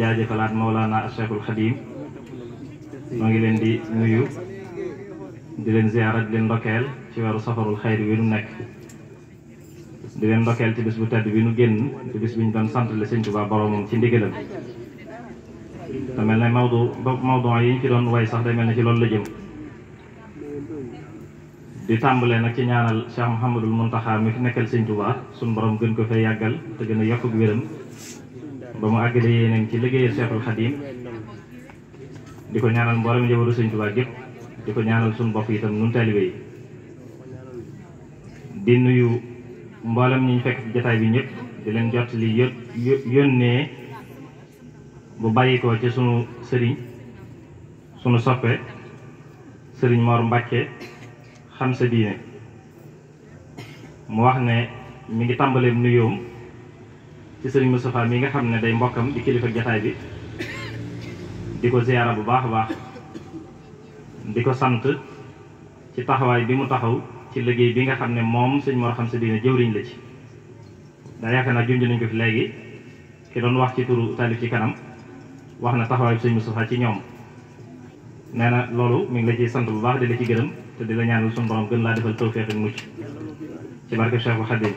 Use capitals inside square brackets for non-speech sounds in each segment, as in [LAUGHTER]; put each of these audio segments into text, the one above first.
jaajëfalaat Mawlana Cheikhul Khadim moo ngi leen di nuyu di leen ziyaara di leen ndokkeel ci weeru safarul xayri wi nu nekk di leen ndokkeel ci bis bu tedd bi nu génn ci bis bi ñu doon sant la Sëñ Tuubaa boroomam ci ndigalam te mel ne Maodo Maodo yi ñu ci doon way sax day mel ne ci loolu la jëm di tàmbalee nag ci ñaanal Cheikh Mouhamadul Mountakha mi fi nekkal Sëñ Tuubaa suñu borom gën ko fay yàggal te gën a yokk wéram ba mu àggale yéenam ci liggéeyal Cheikhul Khadim di ko ñaanal mboolem njabootu Sëñ Tuubaa gépp di ko ñaanal suñu bopp itam nun taalibe yi di nuyu mboolem ñi ñu fekk jataay bi ñëpp di leen jot li yó yónnee bu bàyyikoo ci suñu sëriñ sunu soppe sëriñ Mor Mbàkke xam sa diine mu wax ne mi ngi tàmbalee nuyoom ci sëriñ Moustapha mi nga xam ne day mbokkam di kilifa jataay bi di ko ziyaara bu baax a baax di ko sant ci taxawaay bi mu taxaw ci liggéey bi nga xam ne moom sëñ Mor Xam Sa Diine jëwriñ la ci daa yaakaar naa junj nañ ko fi léegi ki doon wax ci turu taalif ci kanam wax na taxawaay bi sëñ ci ñoom nee na loolu mi ngi la ciy sant bu baax di la ci gërëm te di la ñaanal suñu borom gën laa defal tawfeex ak mucc ci barke Cheikh Khadim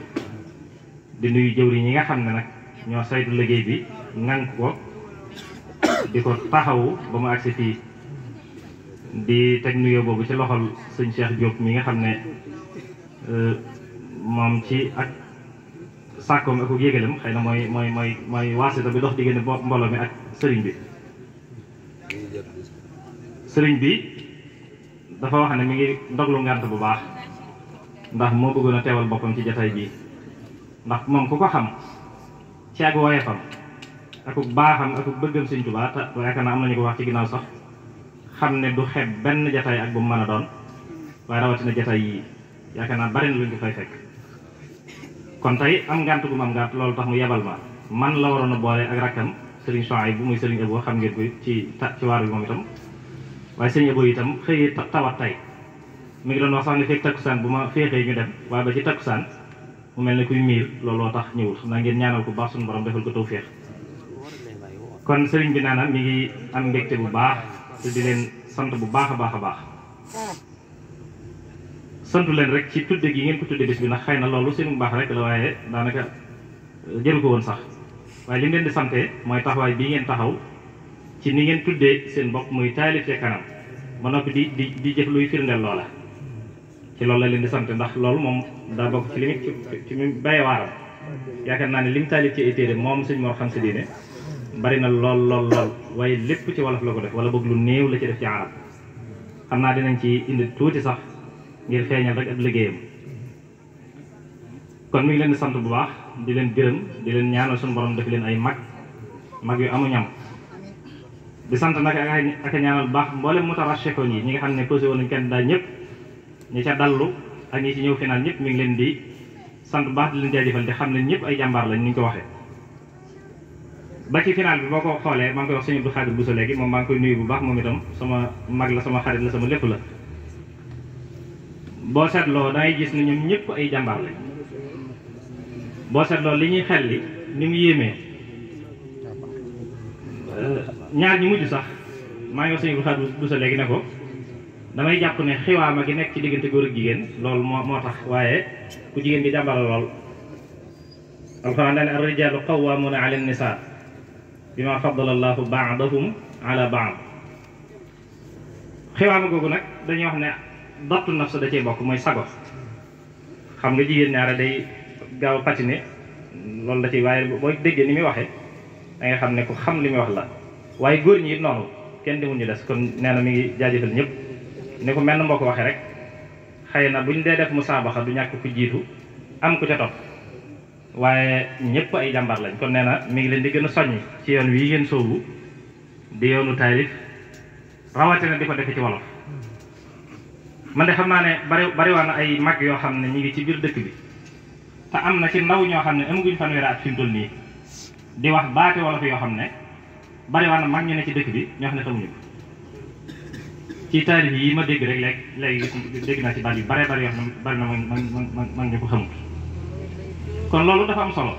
di nuyu jëwriñ ñi nga xam ne nag ñoo saytu liggéey bi nank ko di ko taxawu ba mu agsi fii di teg nuyoo boobu ci loxol sëñ seex Diop mi nga xam ne euh, moom ci ak sàkkoom ak yégalam xëy na mooy mooy mooy mooy waasita bi dox diggante mbooloo mi ak sëriñ bi sëriñ bi dafa wax ne mu ngi ndoglu ngànt bu baax ndax moo bëggoon a teewal boppam ci jataay bii ndax moom ku ko xam ci ak woyefam ak baaxam ak bëggam Sëñ Tuubaa te yaakaar naa na nañu ko wax ci ginnaaw sax xam ne du xeeb benn jataay ak bu mu mën a doon waaye rawatina jataay yii yaakaar naa bari na lu ñu fekk. kon tey am ngànt gu mu am ngànt loolu tax mu yebal ma man la waroon a boole ak rakkam Serigne ay bu muy Serigne Ebo xam ngeen ko ci ci waar bi moom itam waaye Serigne Ebo itam xëy tawat tey mi ngi doon wax sax bu ma féexee ñu dem waaye mu mel ne kuy miir looloo tax ñëwul xam naa ngeen ñaanal ko baax suñu borom defal ko tawféex kon sëriñ bi nee na mi ngi am mbégte bu baax te di leen sant bu baax a baax a baax sant leen rek ci tudde gi ngeen ko tudde bis bi ndax xëy na loolu seen baax rek la waaye daanaka euh, jëru ko woon sax waaye li ngeen di sante mooy taxawaay bii ngeen taxaw ci ni ngeen tuddee seen bokk muy Taalif ca kanam ba noppi di di di jëf luy firndeel loola ci loolu la leen daa bokk ci li ci ci mu baye waaram yaakaar naa ne lim taalif ci ay téere moom suñ Mor Xam si Diine bari na lool lool lool waaye lépp ci wolof la ko def wala boog lu néew la ci def ci arab xam naa dinañ ci indi tuuti sax ngir feeñal rek ak liggéeyam kon mi leen sant bu baax di leen gërëm di leen ñaanal suñu borom def leen ay mag mag yu amu ñam di sant nag ak a ñaanal bu baax mboolem mutarashikoon yi ñi nga xam ne posé woon nañ kenn daal ñëpp ñi ca dallu ak ñi ci ñëw final ñëpp mu ngi leen di sant baax di leen jaajëfal te xam ne ñëpp ay jàmbaar lañ ni ñu ko waxee. ba ci final bi boo ko xoolee maa ngi koy wax sëñ Abdou Khadir Bousso léegi moom maa ngi koy nuyu bu baax moom itam sama mag la sama xarit la sama lépp la boo seetloo dangay gis ne ñoom ñëpp ay jàmbaar lañ boo seetloo li ñuy xel li ni mu yéemee ñaar ñi mujj sax maa ngi wax sëñ Abdou Khadir Bousso léegi ne ko. damay jàpp ne xiwaama gi nekk ci diggante góor ak jigéen loolu moo moo tax waaye ku jigéen bi jàmbala lool alxuraan daane ar-rijaalu qawwaamuuna ala an-nisaa bimaa faddala allaahu ba'dahum ala ba'd xiwaama googu nag dañuy wax ne dottu nafs da cee bokk mooy sago xam nga jigéen ñaare day gaaw ni loolu da ci waaye booy déggee ni muy waxe da nga xam ne ku xam li muy wax la waaye góor ñi it noonu kenn demul ñu des kon nee na mi ngi jaajëfal ñëpp ni ko mel na mbokk waxee rek xëy na buñ dee def musaabaxa du ñàkk ku jiitu am ku ca topp waaye ñëpp ay jàmbaar lañ kon nee na mi ngi leen di gën a soññ ci yoon wii ngeen sóobu di yoonu taalif rawatina di ko def ci wolof man de xam naa ne bari bariwaan na ay mag yoo xam ne ñu ngi ci biir dëkk bi te am na ci ndaw ñoo xam ne amaguñ fanweeri at fi mu toll nii di wax baate wolof yoo xam ne bariwaan na mag ñu ne ci dëkk bi ñoo xam ne xamuñu ko ci taalif yi ma dégg rek léeg léegi dégg naa ci baat yu bare bare yoo xam ne bari na man man man man ñu ko xamul kon loolu dafa am solo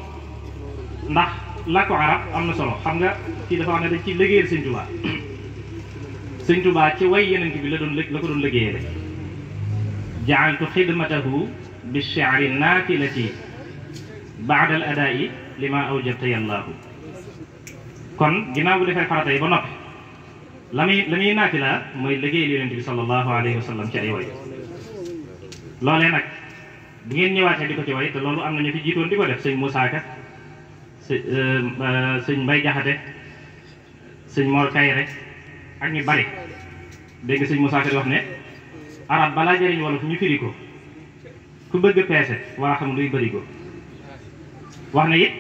ndax làkku arab am na solo xam nga kii dafa wax ne dañ ci liggéeyal sëñ Tuubaa [CLEARS THROAT] sëñ Tuubaa ci way yeneen bi la doon la ko doon liggéeyee jaaltu xidmatahu bi shi'ri naafilati baada al adaa'i li ma awjabta yallaahu kon ginnaaw bu defee farata yi ba noppi la muy la muy naati mooy liggéeyal yonent bi sallallahu alayhi wa sallam ci ay way loolee nag bu ngeen ñëwaatee di ko ci way te loolu am na ñu fi jiitoon di ko def sëñ Moussa Ka euh, euh, sëñ Mbay Jaxate sëñ Mor Kayre ak ñu bari dégg nga sëñ Moussa Ka di wax ne arab balaa jëriñ wala fu ñu firi ko ku bëgg peese waa xam luy bëri ko wax na it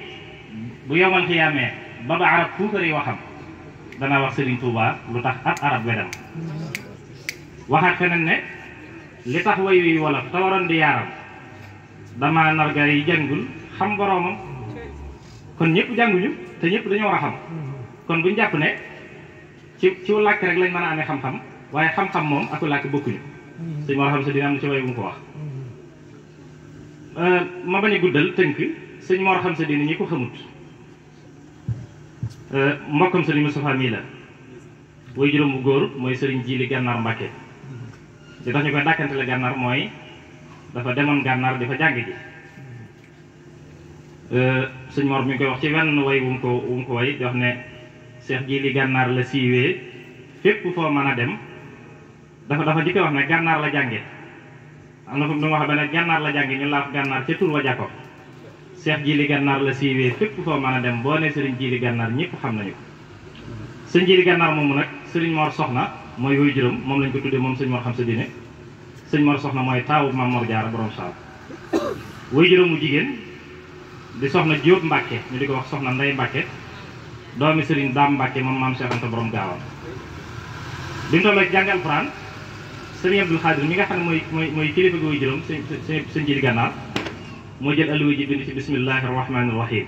bu yomal xiyaamee ba ba arab fuukari yoo xam danaa wax Serigne Touba lu tax ab arab wedam waxaat feneen ne li tax way wi wolof te di yaaram dama narga yi jàngul xam boroomam kon ñëpp jànguñu te ñëpp dañoo war a xam kon buñu jàpp ne ci ci làkk rek lañ mën a amee xam-xam waaye xam-xam moom ak làkk bokkuñu suñu war xam si dina am na ci way mu ko wax mm-hmm. euh, ma bañ a guddal tënk suñ moo xam sa dina ñi xamut Euh, mbokkam sëriñ Moustapha mii la way juróom góor mooy sëriñ Jili Gànnaar Mbàkke li tax ñu koy dàkkante la gànnaar mooy dafa demoon gànnaar dafa fa jàng ji euh, sëñ Mor mi koy wax ci wenn woy wu ko wu mu ko way di wax ne Cheikh Jili gànnaar la siiwee fépp foo mën a dem dafa dafa di koy wax ne gànnaar la jànge am na fu mu wax ba ne gànnaar la jànge ñu laaf gànnaar ca tur wa Cheikh Jili Gànnaar la siiwee fépp foo mën a dem boo ne Serigne Jili Gànnaar ñëpp xam nañu ko Serigne Jili Gànnaar moomu nag Serigne Mor Soxna mooy wuy juróom moom lañ ko tuddee moom Serigne Mor sa diine Soxna mooy taawu Maam Mor Jaara borom Saam wuy mu jigéen di soxna Diop Mbacke ñu di ko wax soxna Ndey Mbacke doomi Serigne Daam Mbacke moom maam Cheikh Anta borom gaawam bi mu tollee jàng alxuraan Serigne mi nga xam ne mooy mooy mooy kilifa gi mo jël alu ji bind ci bismillahir rahmanir rahim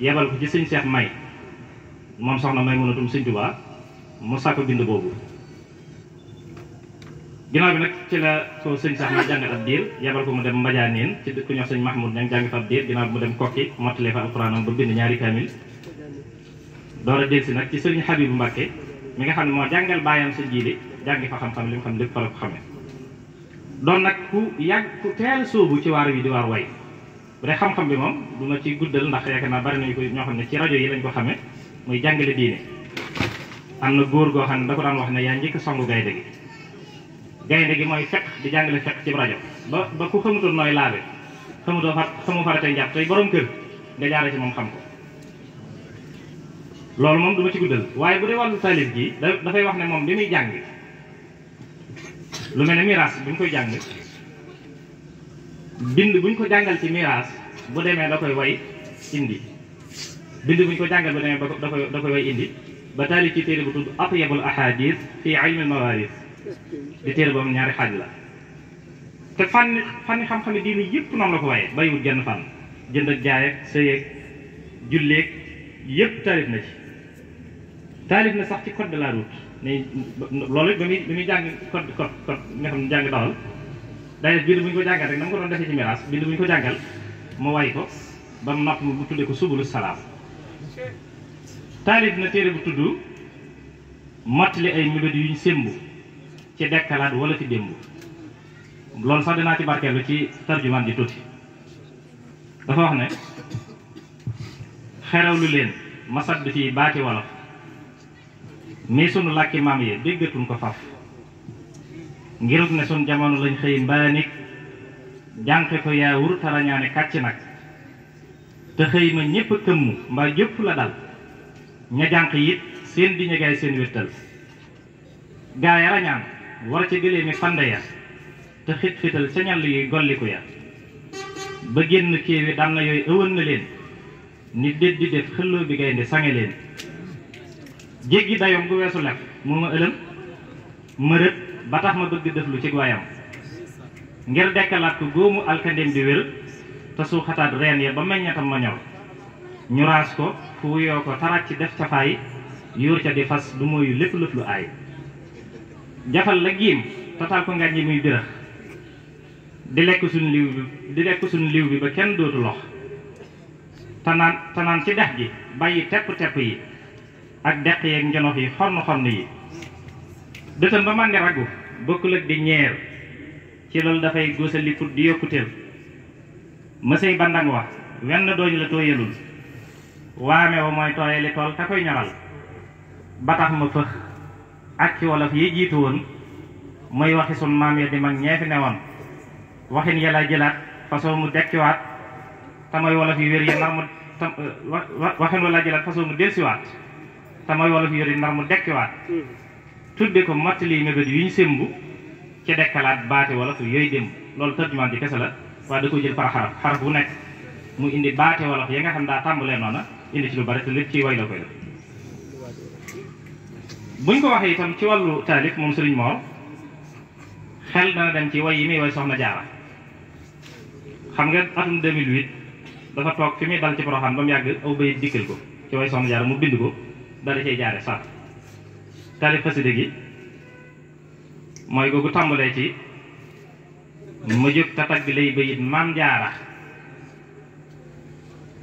yebal ko ci seigne Cheikh May mom soxna May mënatum sëñ Tuubaa mu sàkk bind bobu ginnaaw bi nak ci la ko seigne Cheikh May jàngal ab dir yebal ya ko mu dem mbadianen ci ko ñox seigne Mahmoud ñang jàng fa dir diir bi mu dem kokki motale fa alquran ba bind ñaari kamil door a del ci nak ci seigne Habib mbacke mi nga xamne mo jangal bayam seigne sëñ jii fa xam-xam li mu xam lepp fa la ko xamee doon nag ku yàgg ku teel sóobu ci waar wi di waar way bu dee xam-xam bi moom du ma ci guddal ndax yaakaar naa bari nañu ko ñoo xam ne ci rajo yi lañ ko xamee mooy jàngale diine am na góor goo xam ne da daan wax ne yaa njëkk songu gaynde gi gaynde gi mooy fekk di jàngale fekk ci rajo ba ba ku xamutoon nooy laabe xamutoo fa xamu farate njàpp tey boroom kër nga jaare ci moom xam ko loolu moom du ma ci guddal waaye bu dee wàllu taalib gi dafay wax ne moom bi muy lu mel ne miraas buñ koy jàng bind buñ ko jàngal ci miraas bu demee da koy woy indi bind buñ ko jàngal bu demee da koy da indi ba taalif ci téere bu tudd atyabul ahadis fi ilmi mawaris di téere boobu ñaari xaaj la te fànn fànn xam-xam diini yëpp noonu la ko waaye bàyyiwul genn fànn jënd ak jaay ak sëy ak julleeg yëpp taalif na ci taalif na sax ci code de la day loolu it ba muy ba muy jàng code code code nga xam jàng doxal day bind bu ñu ko jàngal rek na mu ko doon defee ci miraas bind bu ñu ko jàngal mu way ko ba mu nopp mu tuddee ko subulu salaam taalib na téere bu tudd mottali ay mébét yu ñu sémb ci dekkalaat wala ci démb loolu sax dinaa ci barkeelu ci tarjumaan ji tuuti dafa wax ne xerawlu leen masad bi ci baati wolof ni sunu làkki maam yi déggatuñ ko faf ngirut ne sunu jamono lañ xëy mbaanik jànqe ko yaawur tarañaane kàcc nag te xëy ma ñépp këmm mbaa jëpp la dal ña jànq it seen di ñagaay seen wéttal gaaya rañaan war ca gëlee mi fande ya te xit fital ca ñàll golliku ya ba génn kéewi daan na yooyu ëwën na leen ni déet di def xëlloo bi gaynde sange leen jéggi dayom ku wessu lek moma ma meureut ba tax ma bëgg def lu ci waayam ngir dekkalaat ko alkandem di wër ta su xataat reen ya ba meññatam ma ñor ñu ras ko fu yoo ko tarac ci def ca fay yuur ca di fas du mooyu lepp lepp lu ay jafal la giim tatal ko ngàññi muy birax di lek suñu liw bi di lek suñu liw bi ba kenn dootu lox tanan tanan ci dakh gi bayyi tepp tepp yi ak deq yeeg njonox yi xonn xonn yi dëtam ba màndi ragu bokkul ak di ñeer ci loolu dafay góosaliku di yokkuteel mësey bandang wa wenn dooñu la tooyalul waame wa mooy tooyali tool te koy ñoral ba tax ma fëx ak ci wolof yi jiitu woon muy waxi sun maam ya di mag ñee fi newoon waxin yàlla jëlaat façon mu dekkiwaat te mooy wolof yi wér yi nar mu waxin walla jëlaat façon mu delsiwaat samay wolof yore ndar mu dekkiwaat hmm. tudde ko mottali mébét yu ñu sémbu ci dekkalaat baati wolof yooyu démb loolu tarjumaan ji kese la waaye da ko jël par xaraf xaraf bu nekk mu indi baati wolof ya nga xam daa tàmbalee noona indi ci lu bari te lépp ci way la koy def buñ ko waxee itam ci wallu taalif moom sëriñ mool xel dana dem ci way yi muy way soxna jaara xam nga atum 2008 dafa toog fi muy dal ci Porokhane ba mu yàgg aw bayit dikkal ko ci way soxna jaara mu bind ko da da cee jaare soit taalif xasida gi mooy googu tàmbalee ci mu jóg tatag bi lay bayit maam jaara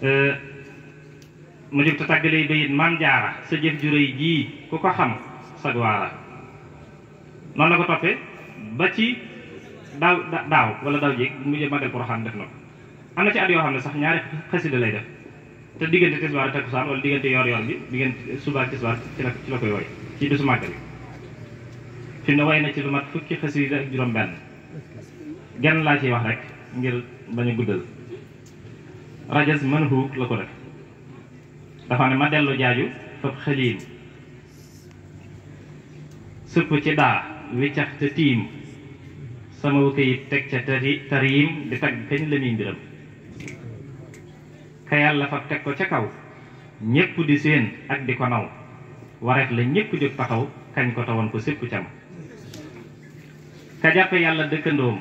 euh, mu tatag bi lay bayit maam jaara sa jëf juróy jii ku ko xam sag waara la ko toppee ba ci daaw daaw wala daaw jéeg mu jël ma del na ko am na ci at yoo xam ne sax ñaari xasida lay def te diggante tisbaar takkusaan wala diggante yor-yor bi diggante suba ak tisbaar ci la ci la koy woy ci bisu màggal bi fi mu woy na ci lu mat fukki xasida ak juróom-benn genn laa ciy wax rek ngir bañ a guddal rajas manhuuk la ko def dafa ne ma dellu jaaju fab xaliin sëpp ci daa wiccax te tiim sama wëkk yi teg ca tari tariim di tagg kañ la muy ka yàlla fa teg ko ca kaw ñépp di séen ak di ko naw wareef la ñépp jóg taxaw kañ ko tawoon ko sépp cam ka jàppe yàlla dëkkandoom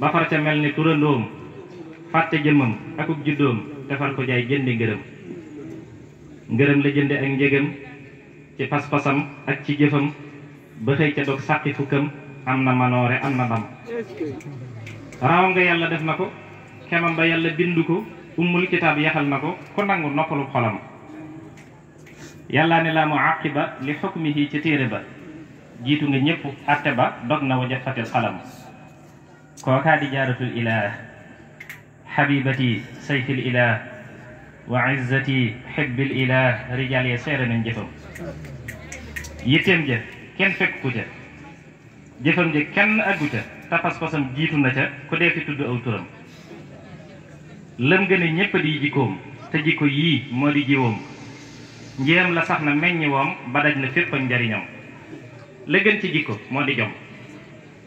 ba far ca mel ni turandoom fàtte jëmmam akub juddoom defar ko jaay jëndi ngërëm ngërëm la jënde ak njëgam ci pas-pasam ak ci jëfam ba xëy ca dog sàqi fukkam am na manoore am na ndam raw nga yàlla def na ko xemam ba yàlla bindu ko ummul kitaab yaxal na ko ku nangu noppalu xolam yàlla ne laa mu àqiba li xukmihi ci téere ba jiitu nga ñëpp atte ba dog na wa jafatil xalam kookaa di jaaratul ilaah xabibati sayfil ilaah wa izzati xibbil ilaah rijaal ya seere nañ jëfam yitteem ja kenn fekk ku ca jëfam ja kenn aggu ca tapas pasam jiitu na ca ku dee fi tudd lëm gën a ñépp di jikkoom te jikko yii moo di jiwoom njéem la sax na meññi woom ba daj na fépp ak njariñam la gën ci jikko moo di jom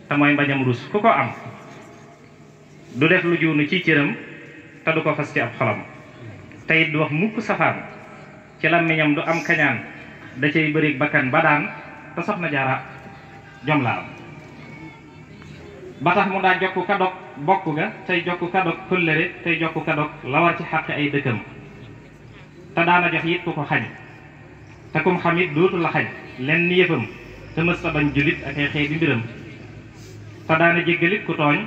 te mooy mbañam rus ku ko am du def lu juunu ci cëram te du ko fas ci ab xolam te it du wax mukk safaan ci làmmiñam du am kañaan da cay bëri bakkan ba daan te soxna jaara jom la am ba tax mu daa jokk kadog bokk ga tey jokk kadog kóllëre tey jokk kadog la ci xàq ay dëkkam te daana jox it ku ko xañ te kum xam it dootu la xañ lenn yëfam te mës sa bañ ak ay xëy bi mbiram te daana jéggalit ku tooñ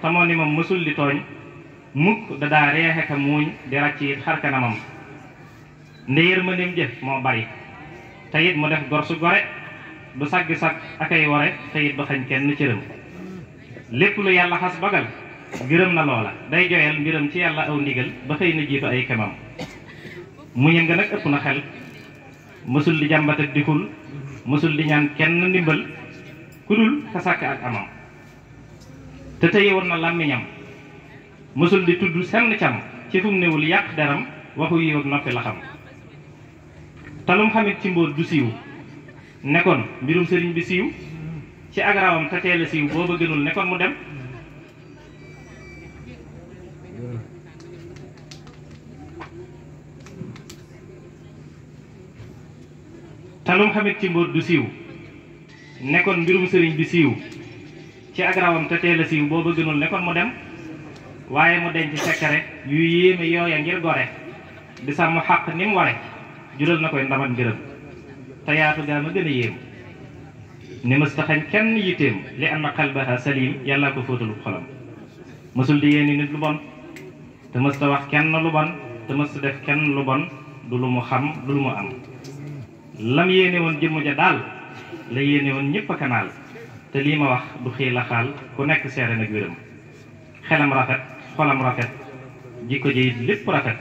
te moo ni moom mësul di tooñ mukk da daa reexe ka muuñ di ràcc it xar kanamam nde yërmandeem jëf moo bari te mu def gor su gore du saggi sag ak ay wore te du xañ kenn cëram lépp lu yàlla xas bagal gërëm na loola day joyal mbiram ci yàlla aw ndigal ba xëy na jiitu ay kemam muñam nga nag ëpp na xel mësul di jàmbat di dikul mësul di ñaan kenn ndimbal ku dul ka sàkk ak amam te tëye woon na làmmiñam mësul di tudd senn cam ci fu mu yàq deram waxu yiw ak la xam talum xamit ci mbóot du siiw nekkoon mbirum sëriñ bi siiw ci ak rawam te siiw boo bëggalul ne kon mu dem te lu mu xamit ci mbóot du siiw ne kon sëriñ bi siiw ci ak rawam te teel a siiw boo bëgganul ne mu dem waaye mu denc sekkare yu yéeme yooya ngir gore di sàmm xàq ni mu ware jural na koy ndamat ngërëm te gaa ma gën a yéem ne ma ta kenn yitteem li anna qalbaha salim yalla ko fotul xolam musul di yéeni nit lu bon te mës ta wax kenn lu bon te def kenn lu bon du lu mu xam du lu mu am lam yéene won jëmm ja dal la yéene won ñepp a kanaal te li ma wax du xii la ku nekk seere nak wéram xelam rafet xolam rafet jikko ji lepp rafet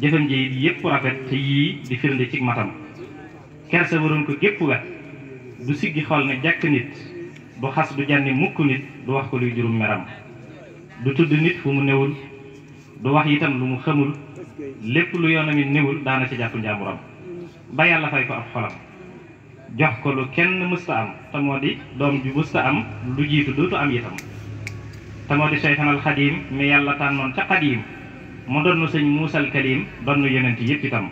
jëfam yepp rafet te yi di firnde ci matam kersa waroon ko gep wat du siggi xol ne jekk nit du xas du janni mukk nit du wax ko luy jurum meram du tudd nit fu mu newul du wax itam lu mu xamul lepp lu yoonam it newul daana ci jappu njàmburam ba yalla fay ko ab xolam jox ko lu kenn musta am ta modi dom ju musta am lu jiitu dootu am itam ta modi shaytan al khadim me yalla tan non ca mu kalim yep itam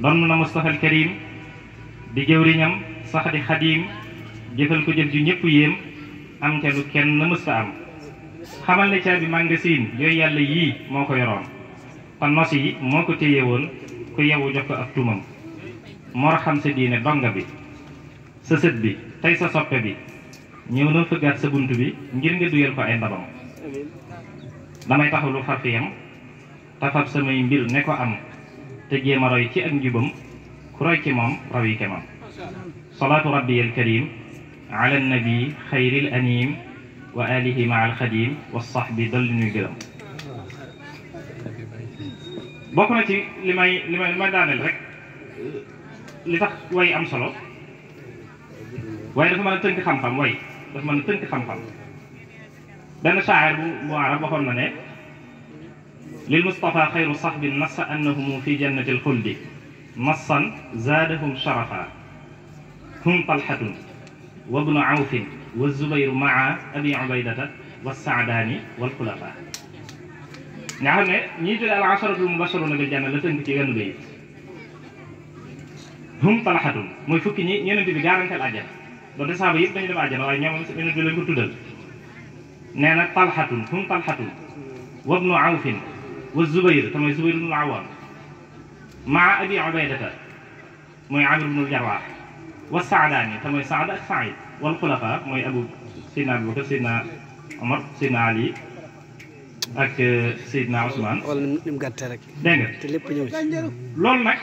donu na mustafa al karim di jëwriñam sax di xadiim jëfal ko jëf ju ñëpp yéem am ca lu kenn mësta am xamal ne caabi magasin yooyu yàlla yii moo ko yoroon kon nos yi moo ko téye woon ku yewu jox ko ak tumam moo xam sa diine donga bi sa sët bi tey sa soppe bi ñëw na fëggaat sa bunt bi ngir nga duyal ko ay ndabam damay taxaw lu far fi yam tafab samay mbir ne ko am te jéem a roy ci ak njubam ku roy ci moom raw yi صلاة ربي الكريم على النبي خير الأنيم وآله مع الخديم والصحب ضل الجرم بكونا تي لما لما لما دانل رك لتخ وي أم صلاة وي دفما نتنك خمخم وي دفما نتنك خمخم دانا شاعر بو بو عرب للمصطفى خير صحب نص أنهم في جنة الخلد نصا زادهم شرفا hum talhatun wa bnu awfin wa zubayru maa abi ubaydata wa saadaani wal xulafa nga xam ne ñii tuddee al asaratul mubasharuna bil janna la tënk ci wenn bayit hum talhatun mooy fukki ñi ñenent bi garanteel àjjana donte saaba yëpp dañu dem àjjana waaye ñoom ñenent bi lañ ko tuddal nee na talhatun hum talhatun wa bnu awfin wa zubayr te mooy zubayr bnul awaam maa abi ubaydata mooy amir bnul jarwaax wa saadaani te mooy saada ak saayid wal xulafa mooy abu sidna abubakar sidna omar sidna ali ak euh, sidna osman wala ni nag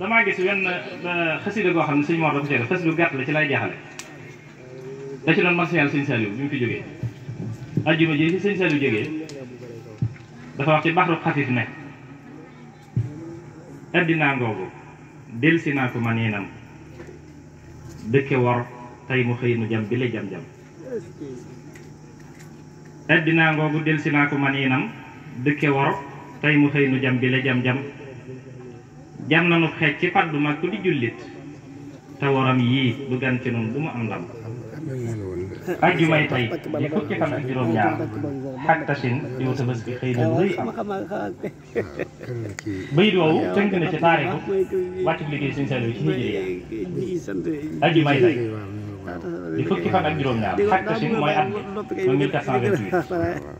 damaa gis wenn euh, xasida goo xam ne sëñ Mor dafa ci lay jaaxale da ci doon marsiyaal sëñ Saliou bi mu fi jógee ajjuma ji ci sëñ Saliou jógee dafa wax ci baxru xafif ne addinaa ngoogu del si naa dëkke war tey mu xëy nu jam bi la jam-jam addinaa ngoogu delsi naa ko man yinam dëkke war tey mu xëy nu jam bi la jam-jam jam nanu xeej ci paddu ku di jullit te waram yii du gan ci nun mu am ndam ajjumay tey di fukki fan ak juróom-ñaar xaj tasin di wa tabaski xëy na rëy am bayit woowu tënk na ci taarixu wàccu liggéey Sëñ Saliou ci hijriya ajjumay tey di fukki fan ak juróom-ñaar xaj tasin mooy at mi 1428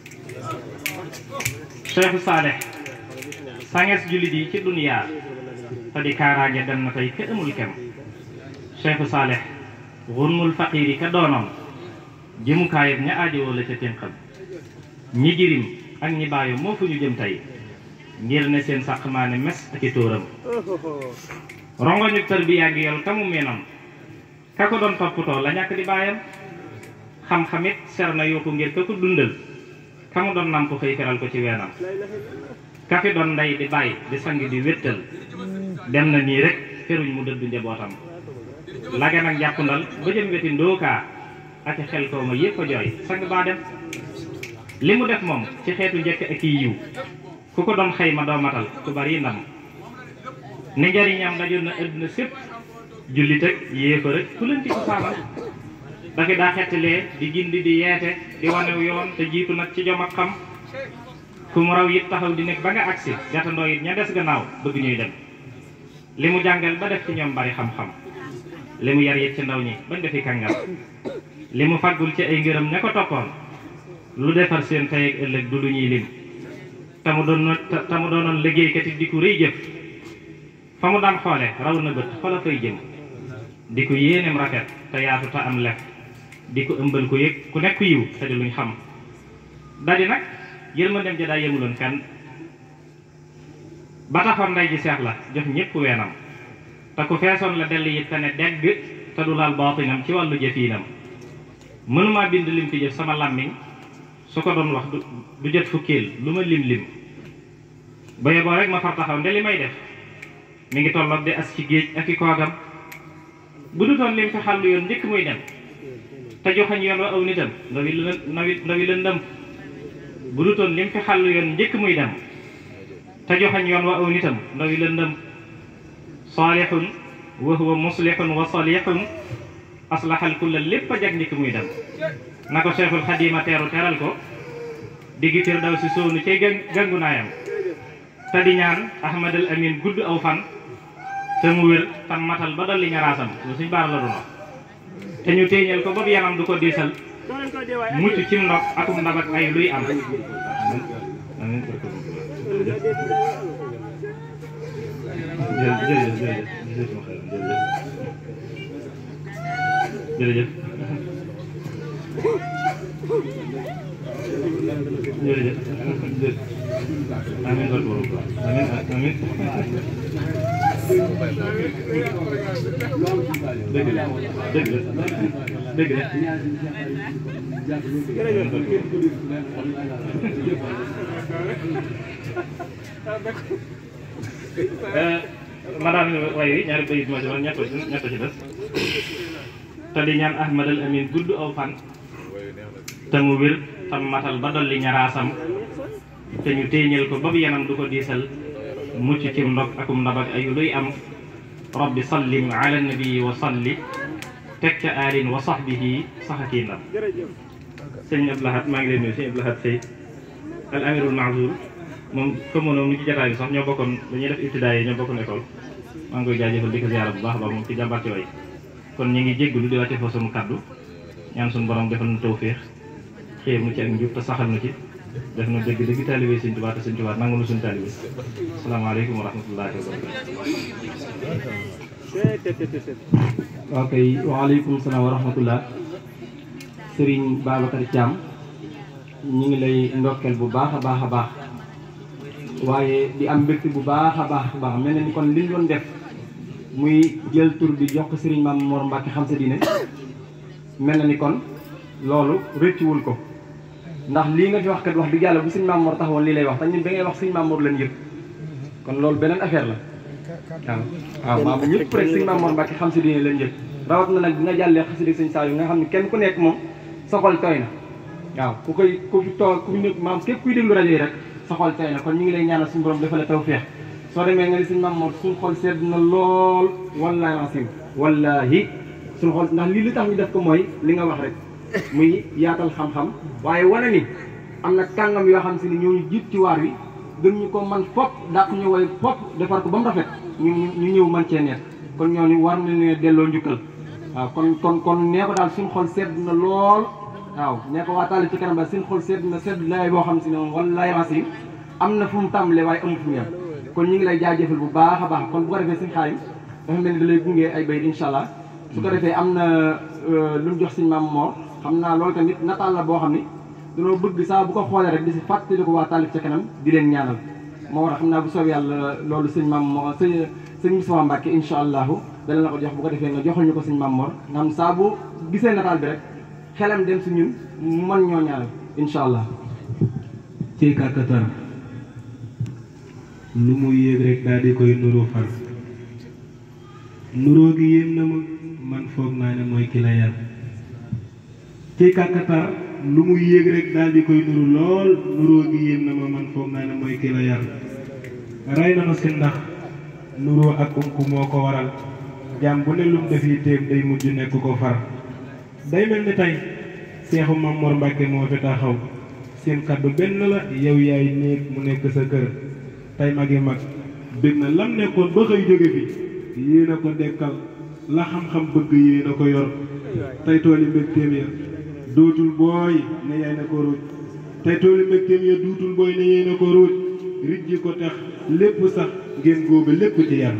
cheikhu saleh sangees jullit ci fa di kaaraange dem na fay ka amul kem cheikhu saleh xurmul faqir yi ka doonoon jëmukaayam ña aajowoo la ca kan. ténqam ñi jirim ak ñi bàyyi moo fu jëm tey ngir ne seen sàq maane mes ak i tóoram rongoñu tarbiya gi yol ka mu meenam ka ko la di bayam xam-xamit ser na ngir ko dundal ka mu doon nàmp xëy feral ko ci weenam ka fi doon ndey di bàyyi di sang di wéttal dem na nii rek feruñ mu dëddu njabootam lage nag jàpp ndal ba jëm weti ndookaa ak xel koo ma yëpp a sang baa dem li mu def moom ci xeetu njëkk ak i yiw ku ko doon xayma doo matal ku bari ndam ni njariñam dajoon na àdduna sépp jullit ak yéefar ku leen ci ko Mbacke daa xettalee di gindi di yeete di wanew yoon te jiitu nag ci jom ak xam ku mu raw it taxaw di nekk ba nga agsi gàttandoo it ña des gannaaw bëgg ñuy dem li mu jàngal ba def ci ñoom bari xam-xam li mu yar it ci ndaw ñi bañ defi kàngal li mu fàggul ci ay ngërëm ña ko toppoon lu defar seen tey ak ëllëg du lu ñuy lim tamu doon tamu doonoon liggéeykat yi di ku rëy jëf fa mu daan xoole raw na bët fa la fay di ku yéeneem rafet te yaatu te am lef di ko ëmbal ko yëg ku nekk yiw te di luñ xam daje nag yërmandem ja daa yemuloon kan ba taxoon ndey ji seex la jox ñëpp weenam te ku feesoon la dell yi te ne degg te du laal baatinam ci wàllu jëfiinam mënumaa bind lim fi jëf sama làmmiñ su ko doon wax du jot fukkeel lu ma lim lim ba yeboo rek ma far taxaw nde li may def mi ngi tolloog di as ci géej ak i koogam bu du doon lim fi xàllu yoon njëkk muy dem te joxoñ yoon wa aw nitam ndawi lëndëm bu dutoon lim fi xàll yoon njëkk muy dem te joxoñ yoon wa aw nitam ndawi lëndëm saalihun wa huwa muslihun wa salihun aslaxal kulla lépp a jag njëkk muy dem na ko Seexul Xadiima teeru teral ko diggi tér daw si sóonu cay gàngu naayam te di gudd aw fan te mu wér tan matal ba dolli ñaraasam lu suñ baar la doon te ñu téeñal ko boobu yanam du ko diisal mucc ci ndox akum ndab ak ay luy am jërëjëf jërëjëf amiin amiin dëgg la dëgg la dëgg la. maanaam waaye ñaari bayit moo ci man ñett ci ñett ci des te di ñaan Ahmad Amin gudd aw fan te mu wér tam matal ba dolli ñaraasam te ñu téeñal ko ba bu yanam du ko diisal mucc ci ndog akum ndabak ay luy am rabbi sallim ala nabii wa salli teg ca aalin wa sahbihi saxakii ndab sëñ Abdou maa ngi leen nuyu sëñ Abdou Lahad Seye al amirul mahzour moom comme moom ni ci bi sax ñoo bokkoon dañuy def ibtidaa yi ñoo maa ngi koy jaajëfal di ko ziyaara bu baax ba moom ci jàmbaar yooyu kon ñu ngi jégglu di wàcce fa sunu kaddu ñaan sunu borom defal nu tawféex xéer nu ci ak te saxal nu ci def na dëgg dëgg taalibe Sëñ Tuubaa te Sëñ Tuubaa nangu na suñu taalibe asalaamaaleykum wa rahmatullaahi wa barakaatuh ok waaleykum salaam wa rahmatullah Serigne Babacar Thiam ñu ngi lay ndokkeel bu bah, a baax a baax waaye di am mbégte bu baax a baax a kon liñ def muy jël tur di jox sering Serigne Mame Mor Mbacke xam sa diine kon loolu rëccuwul ko ndax lii nga fi wax kat wax dëgg yàlla bu sëñ Mamour taxawoon lii lay wax te ñun ba ngay wax sëñ Mamour lañ yëg kon lool beneen affaire la waaw waaw maam ñëpp rek sëñ Mamour Mbacke xam si diine lañ yëg rawat na nag bi nga jàllee siñ sëñ Saliou nga xam ne kenn ku nekk moom sa xol tooy na waaw ku koy ku toog ku nekk maam képp kuy déglu rajo yi rek sa xol tooy na kon ñu ngi lay ñaanal suñu borom dafa la tawfeex soo demee nga ni sëñ Mamour suñu xol sedd na lool wallaahi wallaahi suñu xol ndax lii li tax ñu def ko mooy li nga wax rek muy yaatal xam-xam waaye wane ni am na kàngam yoo xam si ni ñooñu jiit ci waar wi gën ñu ko man fop dàq ñu woy fop defar ko ba mu rafet ñu ñu ñëw man cee neex kon ñooñu war na ne delloo njukkal waaw kon kon kon nee ko daal suñu xol sedd na lool waaw nee ko waataale ci kanam daal suñu xol sedd na sedd laay boo xam si ne moom wallaay mas yi am na fu mu tàmbalee waaye amu fu mu kon ñu ngi lay jaajëfal bu baax a baax kon bu ko defee sëñ xaalim dafa mel ni da lay gunge am na euh, lu mu jox sëñ maam Mor xamna naa tamit nataal la bo xamni dañu bëgg sa bu ko xolé rek di ci fatte liko wa talif ci kanam di len ñaanal mo war xamna bu soob yàlla loolu sëñ maam moo sëñ sëñ Moustapha Mbacke inshallah allahu dana la ko jox bu ko defé nga joxal ñuko ko mam Mor ngam sa bu gisé nataal bi rek xelam dem ci ñun man ñoo ñaanal incha allah ci kàkkatar lu mu yéeg rek da di koy nuru far nuru gi yéem na ma man fogg na ne moy ki la yar ci kàkkatar lu muy yéeg rek daal di koy nuru lool nuroo gi yéen na ma man foog naa ne mooy kii la yar rey na ma si ndax ak unku moo ko waral jàmm bu ne lum defi téeg day mujj nekk ko far day mel ni tey seexu Mamor Mbàkke moo fi taxaw seen kàddu benn la yow yaay néeg mu nekk sa kër tey magi mag bég na lam nekkoon ba xëy jóge fi yéen a ko dekkal la xam-xam bëgg yéen a ko yor tey tool yi mbégteem ya dootul booy ne yey na ko ruuj te tooli mbégteem ya dootul booy ne yey na ko ruuj rijji ko tax lépp sax ngeen góobe lépp ci yàlla